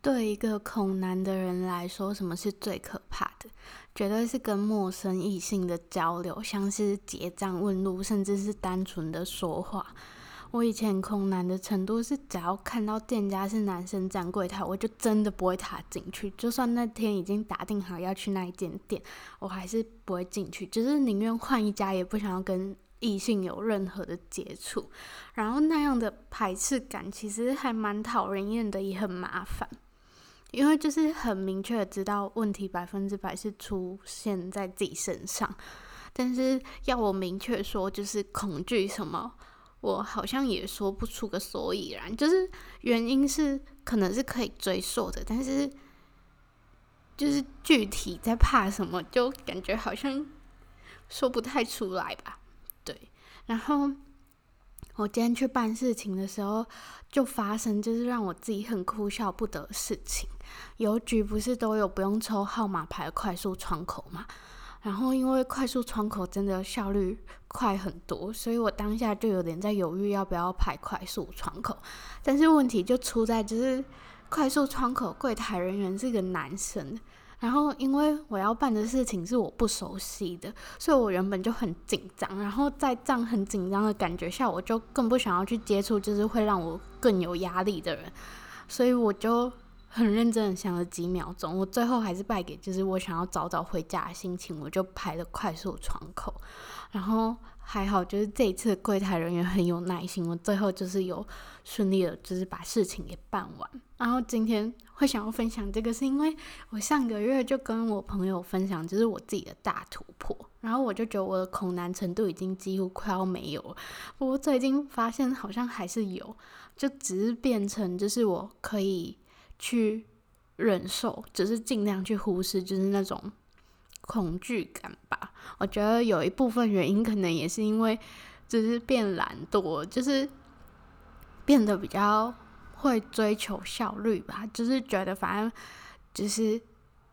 對一個恐男的人來說，什麼是最可怕的？絕對是跟陌生異性的交流，像是結賬、問路，甚至是單純的說話。我以前恐男的程度是，只要看到店家是男生站櫃檯，我就真的不會踏進去。就算那天已經打定好要去那一間店，我還是不會進去，只、就是寧願換一家，也不想要跟異性有任何的接觸。然後那樣的排斥感，其實還蠻討人厭的，也很麻煩。因為就是很明確的知道問題百分之百是出現在自己身上，但是要我明確說就是恐懼什麼，我好像也說不出個所以然。就是原因是可能是可以追溯的，但是就是具體在怕什麼，就感覺好像說不太出來吧。對，然後。我今天去辦事情的時候，就發生就是讓我自己很哭笑不得的事情。郵局不是都有不用抽號碼牌快速窗口嗎？然後因為快速窗口真的效率快很多，所以我當下就有點在猶豫要不要排快速窗口。但是問題就出在，就是快速窗口櫃台人員是一個男生。然後，因為我要辦的事情是我不熟悉的，所以我原本就很緊張。然後在這樣很緊張的感覺下，我就更不想要去接觸，就是會讓我更有壓力的人。所以我就。很認真的想了幾秒鐘，我最後還是敗給，就是我想要早早回家的心情，我就排了快速窗口。然後還好，就是這一次櫃檯人員很有耐心，我最後就是有順利的，就是把事情給辦完。然後今天會想要分享這個，是因為我上個月就跟我朋友分享，就是我自己的大突破。然後我就覺得我的恐男程度已經幾乎快要沒有了，不過最近發現好像還是有，就只是變成就是我可以。去忍受，就是盡量去忽視，就是那種恐懼感吧。我覺得有一部分原因可能也是因為，就是變懶惰，就是變得比較會追求效率吧。就是覺得反正就是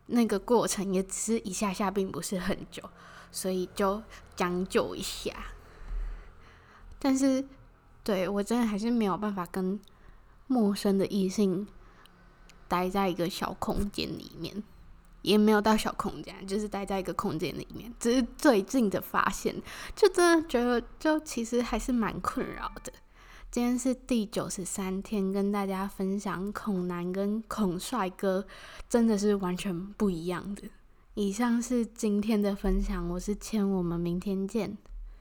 那個過程也只是一下下，並不是很久，所以就將就一下。但是，對，我真的還是沒有辦法跟陌生的異性待在一個小空間裡面，也沒有到小空間，就是待在一個空間裡面。只是最近的發現，就真的覺得，就其實還是蠻困擾的。今天是第九十三天，跟大家分享，恐男跟恐帥哥真的是完全不一樣的。以上是今天的分享，我是千，我們明天見。